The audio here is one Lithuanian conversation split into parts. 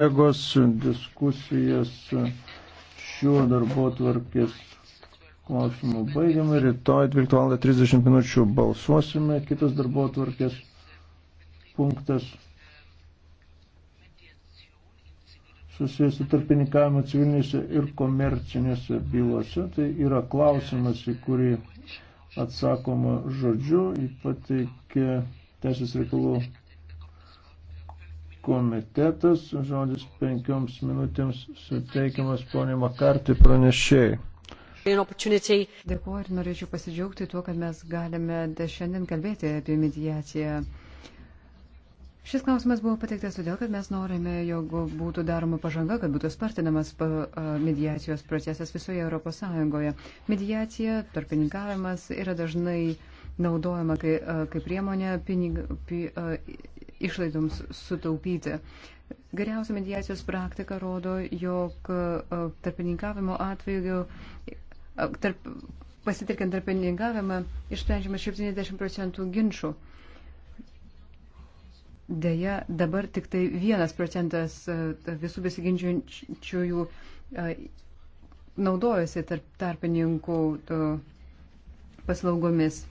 Kolegos diskusijas šiuo darbo tvarkės klausimu baigiame. Rytoj 12.30 minučių balsuosime. Kitas darbo tvarkės punktas susijęs su tarpininkavimu civilinėse ir komercinėse bylose. Tai yra klausimas, į kurį atsakoma žodžiu, ypatikė Teisės reikalų komitetas. Žodis penkioms minutėms suteikiamas ponė Makartai pranešėjai. Dėkuoju ir norėčiau pasidžiaugti tuo, kad mes galime šiandien kalbėti apie mediaciją. Šis klausimas buvo pateiktas todėl, kad mes norime, jog būtų daroma pažanga, kad būtų spartinamas mediacijos procesas visoje Europos Sąjungoje. Mediacija, tarpininkavimas yra dažnai naudojama kaip kai priemonė pinig, pi, išlaidoms sutaupyti. Geriausia mediacijos praktika rodo, jog e, tarpininkavimo atveju, e, tarp, pasitelkiant tarpininkavimą, išsprendžiama 70 procentų ginčių. Deja, dabar tik tai vienas procentas e, visų besiginčiųjų naudojasi tarp tarpininkų paslaugomis.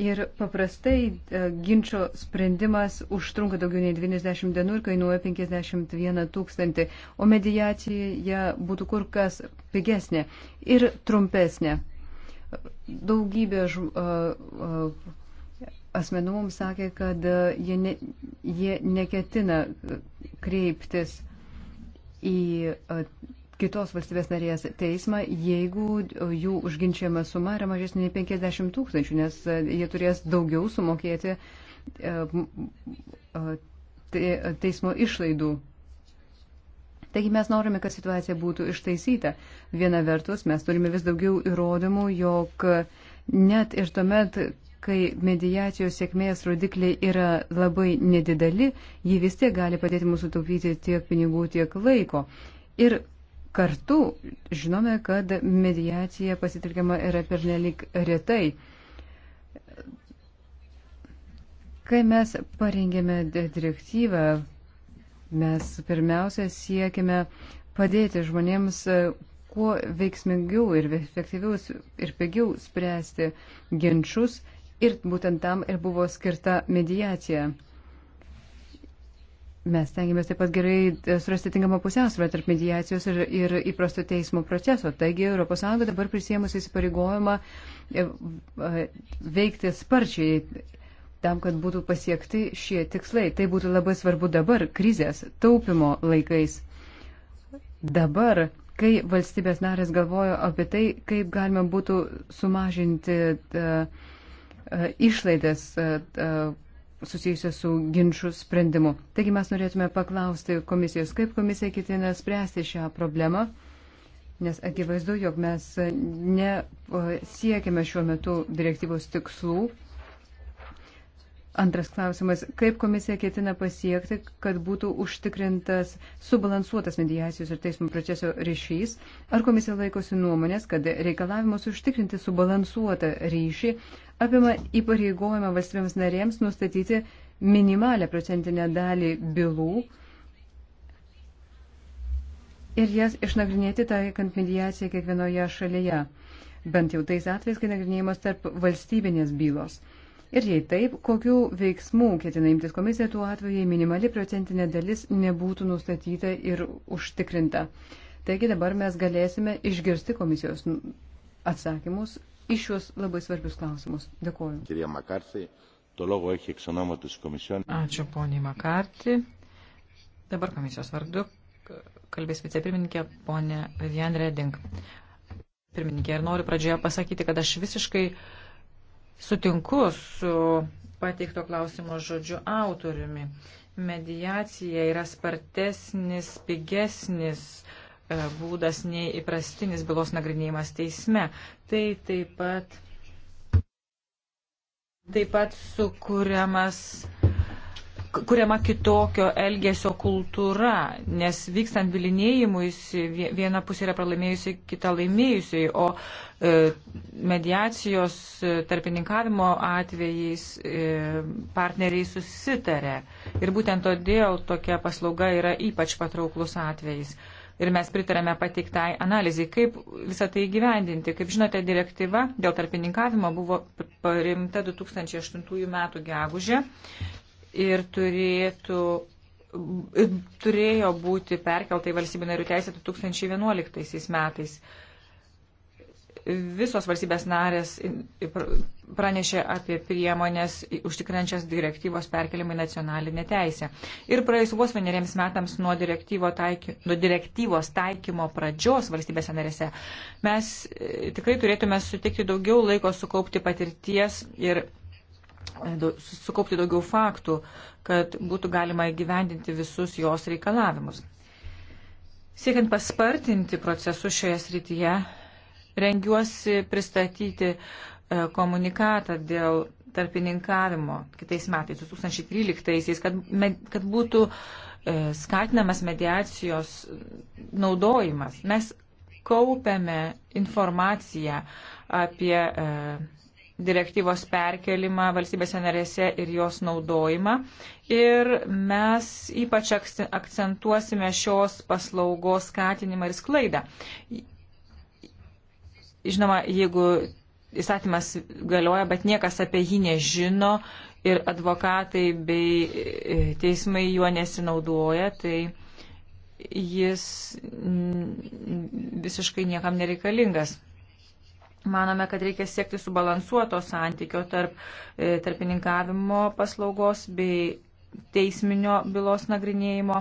Ir paprastai e, ginčio sprendimas užtrunka daugiau nei 90 dienų ir kainuoja 51 tūkstantį, o mediacija būtų kur kas pigesnė ir trumpesnė. Daugybė žm, a, e, a, e, asmenų mums sakė, kad jie, ne, jie neketina kreiptis į. A, kitos valstybės narės teismą, jeigu jų užginčiama suma yra mažesnė nei 50 tūkstančių, nes e, jie turės daugiau sumokėti e, e, teismo išlaidų. Taigi mes norime, kad situacija būtų ištaisyta. Viena vertus, mes turime vis daugiau įrodymų, jog net ir tuomet, kai mediacijos sėkmės rodikliai yra labai nedideli, ji vis tiek gali padėti mūsų taupyti tiek pinigų, tiek laiko. Ir Kartu žinome, kad mediacija pasitelkiama yra pernelik retai. Kai mes parengėme direktyvą, mes pirmiausia siekime padėti žmonėms e, kuo veiksmingiau ir efektyviau ir pigiau spręsti ginčius ir būtent tam ir buvo skirta mediacija. Mes tengiamės taip pat gerai e, surasti tinkamą pusiausvę tarp mediacijos ir, ir įprasto teismo proceso. Taigi ES dabar prisėmus įsipareigojimą e, e, veikti sparčiai tam, kad būtų pasiekti šie tikslai. Tai būtų labai svarbu dabar, krizės, taupimo laikais. Dabar, kai valstybės narės galvojo apie tai, kaip galima būtų sumažinti uh, uh, išlaidas. Uh, uh, susijusios su ginčių sprendimu. Taigi mes norėtume paklausti komisijos, kaip komisija ketina spręsti šią problemą, nes akivaizdu, jog mes nesiekime šiuo metu direktyvos tikslų Antras klausimas. Kaip komisija ketina pasiekti, kad būtų užtikrintas subalansuotas mediacijos ir teismo proceso ryšys? Ar komisija laikosi nuomonės, kad reikalavimas užtikrinti subalansuotą ryšį apima įpareigojimą valstybėms narėms nustatyti minimalę procentinę dalį bylų ir jas išnagrinėti taikant mediaciją kiekvienoje šalyje, bent jau tais atvejais, kai nagrinėjimas tarp valstybinės bylos? Ir jei taip, kokiu veiksmu ketina imtis komisija tuo atveju, jei minimali procentinė dalis nebūtų nustatyta ir užtikrinta. Taigi dabar mes galėsime išgirsti komisijos atsakymus iš šios labai svarbius klausimus. Dėkuoju. Ačiū poniai Makarti. Dabar komisijos vardu kalbės vicepirmininkė ponė Vivian Reding. Pirmininkė, ir noriu pradžioje pasakyti, kad aš visiškai uh, Sutinku su pateikto klausimo žodžiu autoriumi. Mediacija yra spartesnis, pigesnis e, būdas nei įprastinis bylos nagrinėjimas teisme. Tai taip pat, taip pat sukūriamas kuriama kitokio elgesio kultūra, nes vykstant bilinėjimuisi viena pusė yra pralaimėjusi, kita laimėjusiai, o e, mediacijos e, tarpininkavimo atvejais e, partneriai susitarė. Ir būtent todėl tokia paslauga yra ypač patrauklus atvejais. Ir mes pritarėme pateiktai analizai, kaip visą tai gyvendinti. Kaip žinote, direktyva dėl tarpininkavimo buvo parimta 2008 m. gegužė ir turėtų ir turėjo būti perkelta į valstybių narių teisę 2011 metais. Visos valstybės narės pranešė apie priemonės užtikrinančias direktyvos perkelimą į nacionalinę teisę. Ir praėjus vos vieneriems metams nuo, taiky, nuo direktyvos taikymo pradžios valstybėse narėse mes e, tikrai turėtume sutikti daugiau laiko sukaupti patirties ir E, sukaupti daugiau faktų, kad būtų galima įgyvendinti visus jos reikalavimus. Siekiant paspartinti procesus šioje srityje, rengiuosi pristatyti e, komunikatą dėl tarpininkavimo kitais metais, 2013-aisiais, kad, kad būtų e, skatinamas mediacijos naudojimas. Mes kaupiame informaciją apie direktyvos perkelimą valstybėse narėse ir jos naudojimą. Ir mes ypač akcentuosime šios paslaugos skatinimą ir sklaidą. Žinoma, jeigu įstatymas galioja, bet niekas apie jį nežino ir advokatai bei e, teismai juo nesinaudoja, tai jis visiškai niekam nereikalingas. Manome, kad reikia siekti subalansuoto santykio tarp e, tarpininkavimo paslaugos bei teisminio bylos nagrinėjimo.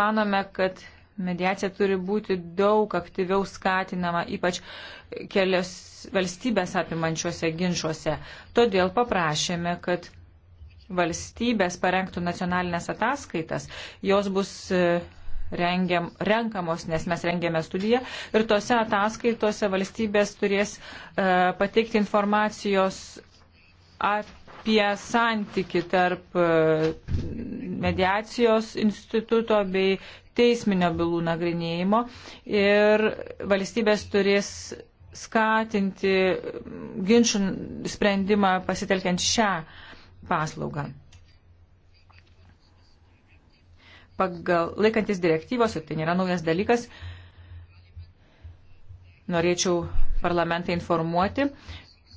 Manome, kad mediacija turi būti daug aktyviau skatinama, ypač kelias valstybės apimančiuose ginčiuose. Todėl paprašėme, kad valstybės parengtų nacionalinės ataskaitas, jos bus e, rengiam, renkamos, nes mes rengėme studiją ir tose ataskaitose valstybės turės e, pateikti informacijos apie santyki tarp e, mediacijos instituto bei teisminio bylų nagrinėjimo ir valstybės turės skatinti ginčių sprendimą pasitelkiant šią paslaugą. pagal laikantis direktyvos, ir tai nėra naujas dalykas, norėčiau parlamentą informuoti,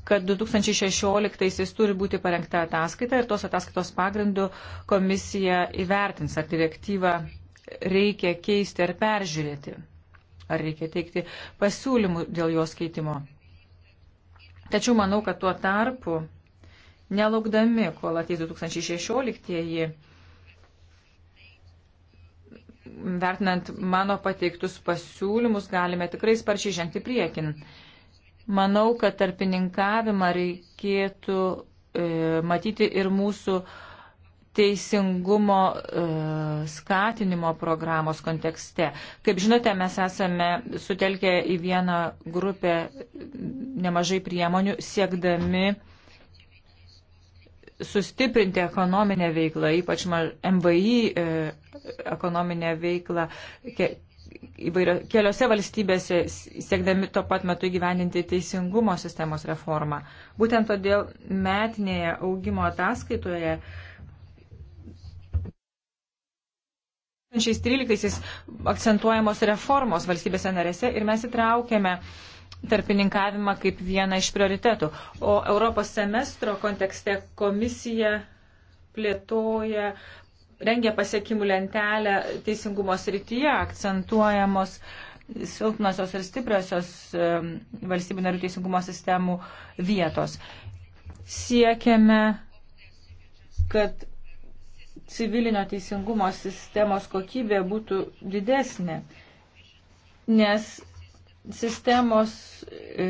kad 2016-aisiais turi būti parengta ataskaita ir tos ataskaitos pagrindų komisija įvertins, ar direktyvą reikia keisti ar peržiūrėti, ar reikia teikti pasiūlymų dėl jos keitimo. Tačiau manau, kad tuo tarpu, nelaukdami, kol ateis 2016-ieji, vertinant mano pateiktus pasiūlymus, galime tikrai sparčiai žengti priekin. Manau, kad tarpininkavimą reikėtų e, matyti ir mūsų teisingumo e, skatinimo programos kontekste. Kaip žinote, mes esame sutelkę į vieną grupę nemažai priemonių, siekdami sustiprinti ekonominę veiklą, ypač MVI e, ekonominę veiklą įvairio, keliose valstybėse, siekdami tuo pat metu gyveninti teisingumo sistemos reformą. Būtent todėl metinėje augimo ataskaitoje 2013 akcentuojamos reformos valstybėse narėse ir mes įtraukėme uh, tarpininkavimą kaip vieną iš prioritetų. O Europos semestro kontekste komisija plėtoja, rengia pasiekimų lentelę teisingumo srityje, akcentuojamos silpnosios ir stipriosios valstybių narių teisingumo sistemų vietos. Siekiame, kad civilinio teisingumo sistemos kokybė būtų didesnė, nes sistemos e,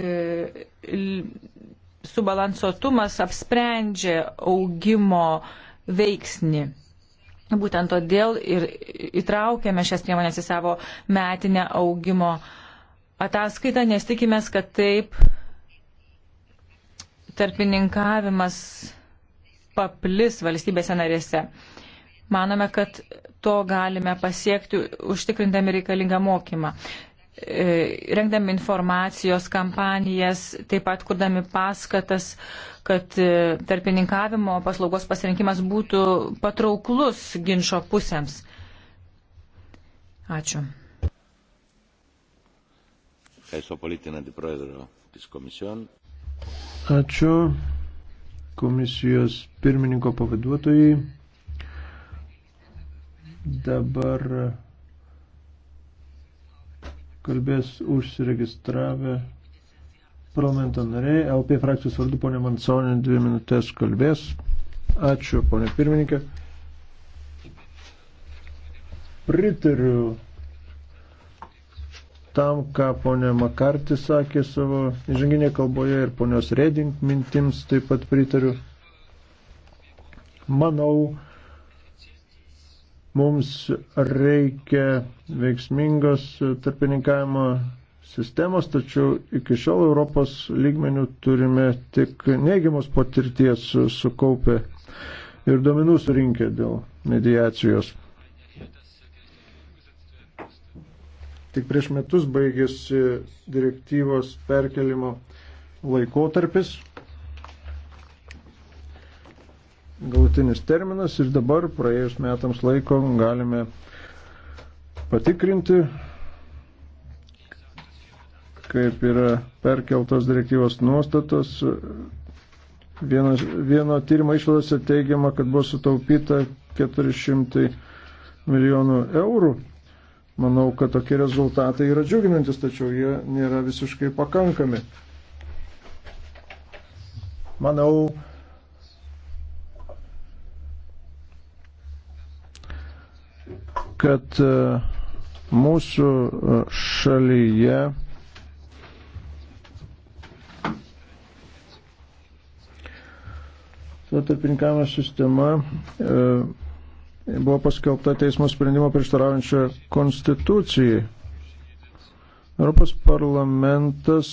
subalansuotumas apsprendžia augimo veiksnį. Būtent todėl ir įtraukėme šias priemonės į savo metinę augimo ataskaitą, nes tikimės, kad taip tarpininkavimas paplis valstybėse narėse. Manome, kad to galime pasiekti užtikrindami reikalingą mokymą. E, rengdami informacijos kampanijas, taip pat kurdami paskatas, kad e, tarpininkavimo paslaugos pasirinkimas būtų patrauklus ginčio pusėms. Ačiū. Ačiū komisijos pirmininko pavaduotojai. Dabar kalbės užsiregistravę parlamento nariai. LP frakcijos vardu ponė Mansonė dvi minutės kalbės. Ačiū, ponė pirmininkė. Pritariu tam, ką ponė Makarti sakė savo įžanginėje kalboje ir ponios Reding mintims taip pat pritariu. Manau, Mums reikia veiksmingos tarpininkavimo sistemos, tačiau iki šiol Europos lygmenių turime tik neigiamos patirties sukaupę ir domenų surinkę dėl mediacijos. Tik prieš metus baigėsi direktyvos perkelimo laikotarpis galutinis terminas ir dabar praėjus metams laiko galime patikrinti, kaip yra perkeltos direktyvos nuostatos. Vieno, vieno tyrimo išvadose teigiama, kad buvo sutaupyta 400 milijonų eurų. Manau, kad tokie rezultatai yra džiuginantis, tačiau jie nėra visiškai pakankami. Manau, kad e, mūsų e, šalyje tarpininkavimo sistema e, buvo paskelbta teismo sprendimo prieštaraujančio konstitucijai. Europos parlamentas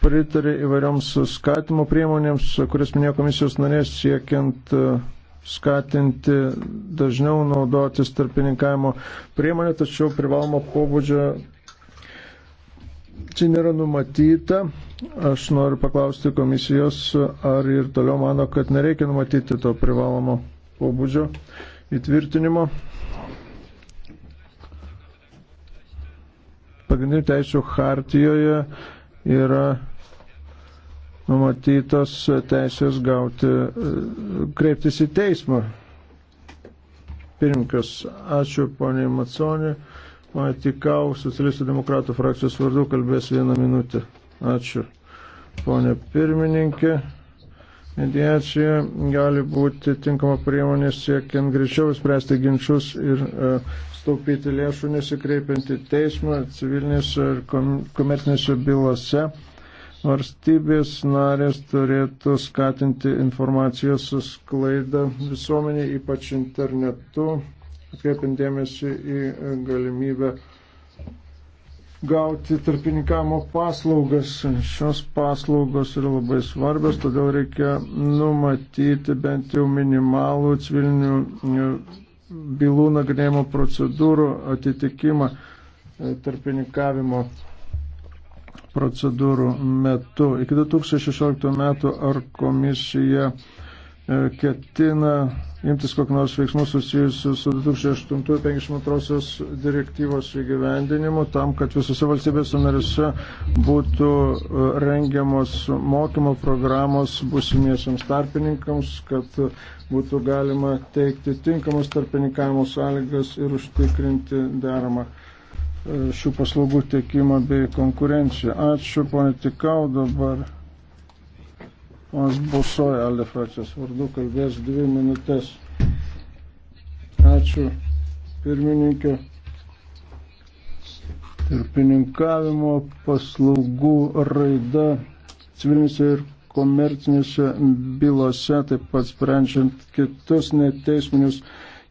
pritarė įvairioms skatimo priemonėms, kuris minėjo komisijos narės siekiant skatinti dažniau naudotis tarpininkavimo priemonė, tačiau privalomo pobūdžio čia nėra numatyta. Aš noriu paklausti komisijos, ar ir toliau mano, kad nereikia numatyti to privalomo pobūdžio įtvirtinimo. Pagrindinių teisų hartijoje yra numatytos teisės gauti, kreiptis į teismą. Pirmkas, ačiū poniai Maconė, Matikau, socialistų demokratų frakcijos vardu kalbės vieną minutę. Ačiū. Pone pirmininkė, mediacija gali būti tinkama priemonė siekiant greičiau spręsti ginčius ir e, staupyti lėšų nesikreipiant į teismą civilinėse ir komercinėse bylose. E, Varstybės narės turėtų skatinti informacijos sklaidą visuomenė, ypač internetu, atkreipiant dėmesį į galimybę gauti tarpininkavimo paslaugas. Šios paslaugos yra labai svarbios, todėl reikia numatyti bent jau minimalų civilinių e, bylų nagrinėjimo procedūrų atitikimą e, tarpininkavimo procedūrų metu. Iki 2016 metų ar komisija e, ketina imtis kokių nors veiksmų susijusių su 2008-52 direktyvos įgyvendinimu tam, kad visose valstybėse narise būtų e, rengiamos mokymo programos busimiesiams tarpininkams, kad būtų galima teikti tinkamus tarpininkavimo sąlygas ir užtikrinti deramą šių paslaugų tiekimą bei konkurenciją. Ačiū, ponė Tikau, dabar ponas Busoja, Alde frakcijos vardu, kalbės dvi minutės. Ačiū, pirmininkė. Tarpininkavimo paslaugų raida civilinėse ir komercinėse bylose, taip pat sprendžiant kitus neteisminius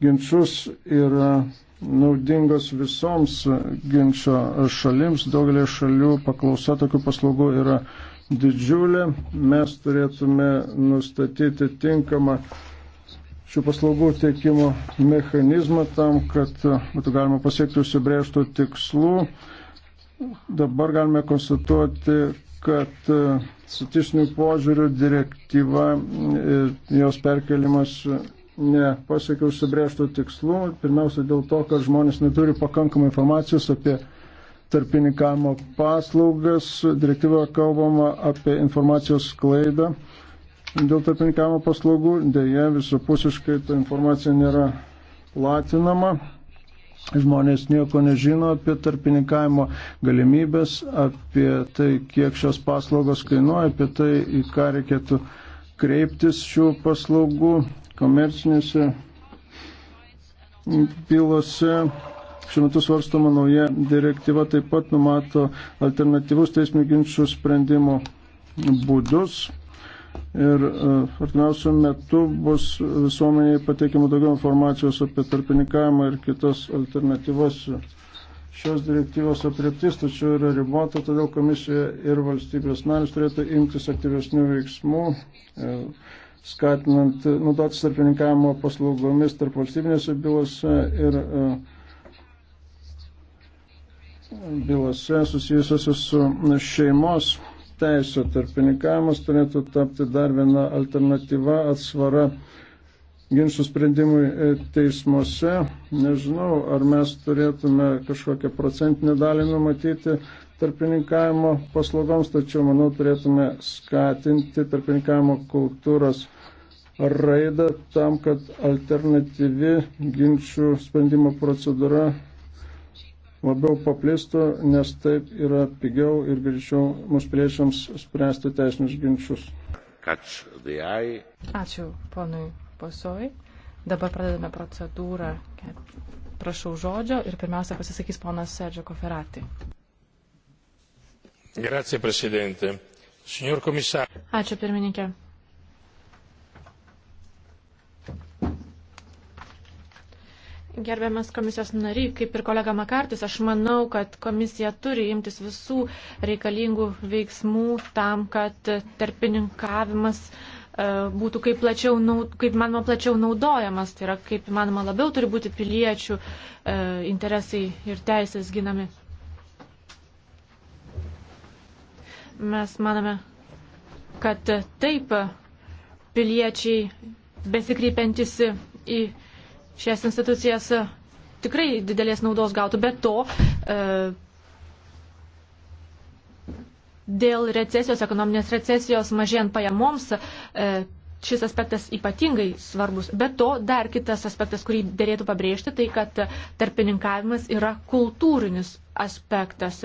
ginčius yra. Ir naudingos visoms ginčio šalims. Daugelį šalių paklausa tokių paslaugų yra didžiulė. Mes turėtume nustatyti tinkamą šių paslaugų teikimo mechanizmą tam, kad būtų galima pasiekti užsibrėžtų tikslų. Dabar galime konstatuoti, kad statistinių požiūrių direktyva, jos perkelimas nepasiekiau užsibrėžtų tikslų. Pirmiausia dėl to, kad žmonės neturi pakankamai informacijos apie tarpininkavimo paslaugas. Direktyvoje kalbama apie informacijos sklaidą. Dėl tarpininkavimo paslaugų dėje visapusiškai ta informacija nėra platinama. Žmonės nieko nežino apie tarpininkavimo galimybės, apie tai, kiek šios paslaugos kainuoja, apie tai, į ką reikėtų kreiptis šių paslaugų komercinėse bylose. Šiuo metu svarstoma nauja direktyva taip pat numato alternatyvus teismų ginčių sprendimo būdus. Ir e, artimiausių metų bus visuomeniai pateikiama daugiau informacijos apie tarpininkavimą ir kitas alternatyvas. Šios direktyvos apriptis tačiau yra ribota, todėl komisija ir valstybės narys turėtų imtis aktyvesnių veiksmų. E, skatinant naudotis tarpininkavimo paslaugomis tarp valstybinėse bylose ir e, bylose susijusiuose su šeimos teisė. Tarpininkavimas turėtų tapti dar viena alternatyva atsvara ginčių sprendimui e, teismuose. Nežinau, ar mes turėtume kažkokią procentinę dalį numatyti tarpininkavimo paslaugoms, tačiau, manau, turėtume skatinti tarpininkavimo kultūros raidą tam, kad alternatyvi ginčių sprendimo procedūra labiau paplistų, nes taip yra pigiau ir greičiau mūsų priešiams spręsti teisinius ginčius. Ačiū ponui Posoj. Dabar pradedame procedūrą. Prašau žodžio ir pirmiausia pasisakys ponas Sergio Koferati. Grazie, Presidente. Signor Komisar. Ačiū, pirmininkė. Gerbiamas komisijos nariai, kaip ir kolega Makartis, aš manau, kad komisija turi imtis visų reikalingų veiksmų tam, kad tarpininkavimas e, būtų kaip, plačiau, kaip manoma plačiau naudojamas, tai yra kaip manoma labiau turi būti piliečių e, interesai ir teisės ginami. Mes manome, kad taip piliečiai besikreipiantis į šias institucijas e, tikrai didelės naudos gautų. Bet to e, dėl recesijos, ekonominės recesijos mažėjant pajamoms, e, šis aspektas ypatingai svarbus. Bet to dar kitas aspektas, kurį dėlėtų pabrėžti, tai kad tarpininkavimas yra kultūrinis aspektas.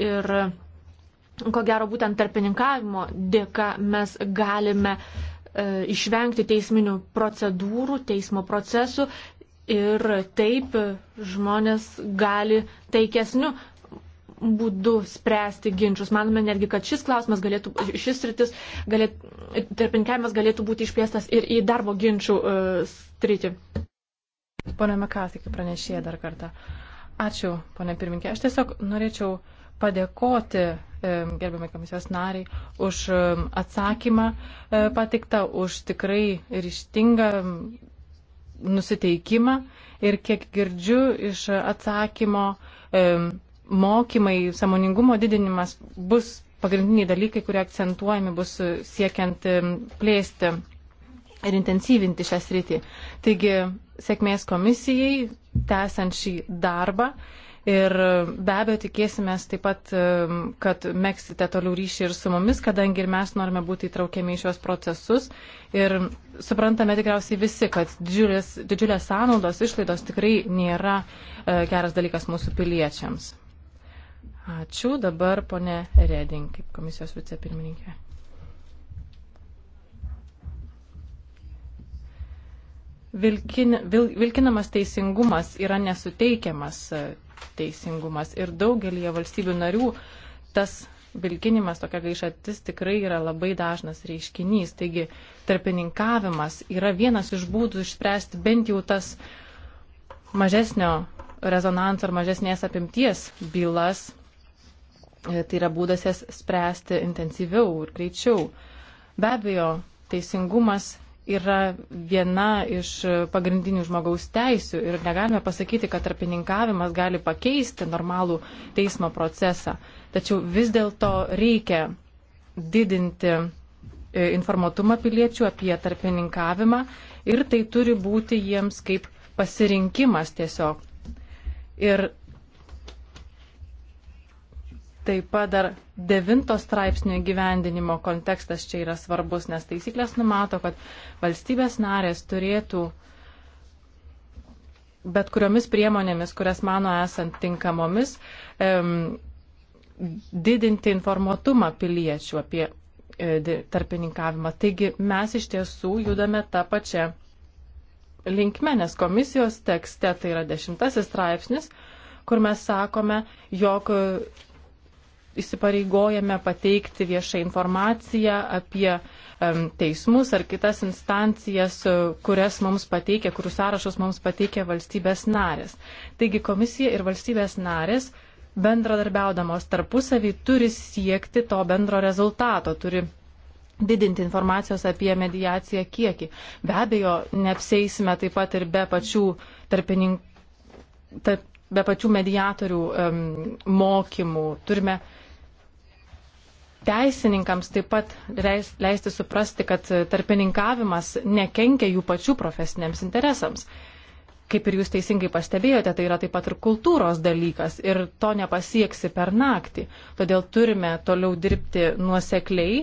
Ir ko gero būtent tarpininkavimo dėka mes galime uh, E, išvengti teisminių procedūrų, teismo procesų ir taip žmonės gali taikesniu būdu spręsti ginčius. Manome netgi, kad šis klausimas galėtų, šis rytis, galėtų, tarpininkavimas galėtų būti išplėstas ir į darbo ginčių uh, e, strytį. Pone Mekasi, kaip pranešėja dar kartą. Ačiū, pone pirminkė. Aš tiesiog norėčiau padėkoti E, gerbiamai komisijos nariai, už e, atsakymą e, patiktą, už tikrai ryštingą nusiteikimą ir kiek girdžiu iš atsakymo, mokymai, samoningumo didinimas bus pagrindiniai dalykai, kurie akcentuojami bus siekiant plėsti ir intensyvinti šią sritį. Taigi, sėkmės komisijai, tęsiant šį darbą Ir be abejo tikėsimės taip pat, kad meksite toliau ryšį ir su mumis, kadangi ir mes norime būti įtraukiami į šios procesus. Ir suprantame tikriausiai visi, kad didžiulės, didžiulės sąnaudos, išlaidos tikrai nėra e, geras dalykas mūsų piliečiams. Ačiū dabar, ponė Reding, kaip komisijos vicepirmininkė. vilkin, vil, vilkinamas teisingumas yra nesuteikiamas e, teisingumas ir daugelį valstybių narių tas vilkinimas, tokia gaišatis tikrai yra labai dažnas reiškinys. Taigi tarpininkavimas yra vienas iš būdų išspręsti bent jau tas mažesnio rezonanso ar mažesnės apimties bylas. E, tai yra būdas jas spręsti intensyviau ir greičiau. Be abejo, teisingumas yra viena iš pagrindinių žmogaus teisių ir negalime pasakyti, kad tarpininkavimas gali pakeisti normalų teismo procesą. Tačiau vis dėlto reikia didinti e, informuotumą piliečių apie tarpininkavimą ir tai turi būti jiems kaip pasirinkimas tiesiog. Ir Taip pat dar devinto straipsnio gyvendinimo kontekstas čia yra svarbus, nes taisyklės numato, kad valstybės narės turėtų bet kuriomis priemonėmis, kurias mano esant tinkamomis, em, didinti informuotumą piliečių apie e, tarpininkavimą. Taigi mes iš tiesų judame tą pačią linkme, nes komisijos tekste tai yra dešimtasis straipsnis, kur mes sakome, jog įsipareigojame pateikti viešą informaciją apie teismus ar kitas instancijas, e, kurias mums pateikė, kurių sąrašus mums pateikė valstybės narės. Taigi komisija ir valstybės narės bendradarbiaudamos tarpusavį turi siekti to bendro rezultato, turi didinti informacijos apie mediaciją kiekį. Be abejo, neapsėsime taip pat ir be pačių tarpininkų. Tarp, be pačių mediatorių um, mokymų. Turime uh, teisininkams taip pat leis, leisti suprasti, kad tarpininkavimas nekenkia jų pačių profesiniams interesams. Kaip ir jūs teisingai pastebėjote, tai yra taip pat ir kultūros dalykas ir to nepasieksi per naktį. Todėl turime toliau dirbti nuosekliai,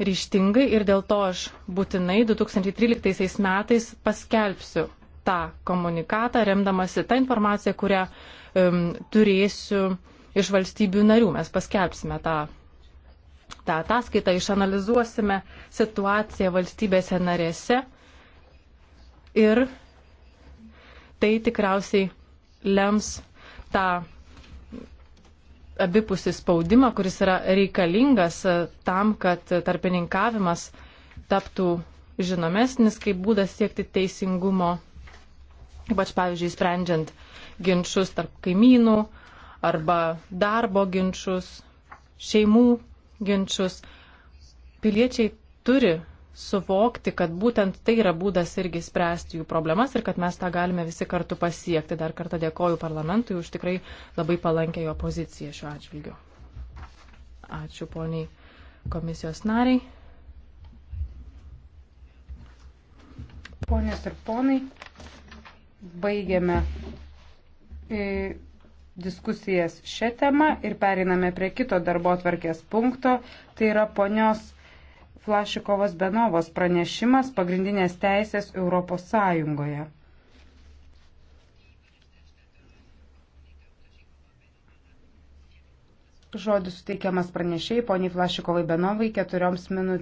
ryštingai ir dėl to aš būtinai 2013 metais paskelbsiu tą komunikatą, remdamasi tą informaciją, kurią um, turėsiu uh, iš valstybių narių. Mes paskelbsime tą, tą ataskaitą, išanalizuosime situaciją valstybėse narėse ir tai tikriausiai lems tą abipusį spaudimą, kuris yra reikalingas tam, kad tarpininkavimas taptų žinomesnis kaip būdas siekti teisingumo, ypač pavyzdžiui, sprendžiant ginčius tarp kaimynų arba darbo ginčius, šeimų ginčius. Piliečiai turi suvokti, kad būtent tai yra būdas irgi spręsti jų problemas ir kad mes tą galime visi kartu pasiekti. Dar kartą dėkoju parlamentui už tikrai labai palankę jo poziciją šiuo atžvilgiu. Ačiū poniai komisijos nariai. Ponės ir ponai, baigiame. E diskusijas šią temą ir periname prie kito darbo atvarkės punkto. Tai yra ponios Flašikovas Benovos pranešimas pagrindinės teisės Europos Sąjungoje. Žodis suteikiamas pranešėjai poniai Flašikovai Benovai keturioms minutėms.